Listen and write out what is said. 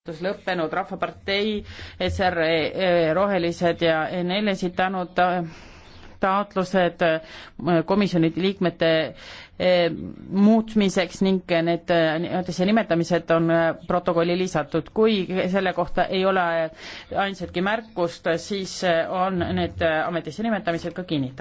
hääletus lõppenud, Rahvapartei, SRE, e, Rohelised ja NL esitanud äh, taotlused äh, komisjonide liikmete äh, muutmiseks ning need nii-öelda nimetamised on protokolli lisatud. kui selle kohta ei ole ainsatki märkust, siis on need ametisse nimetamised ka kinnitatud.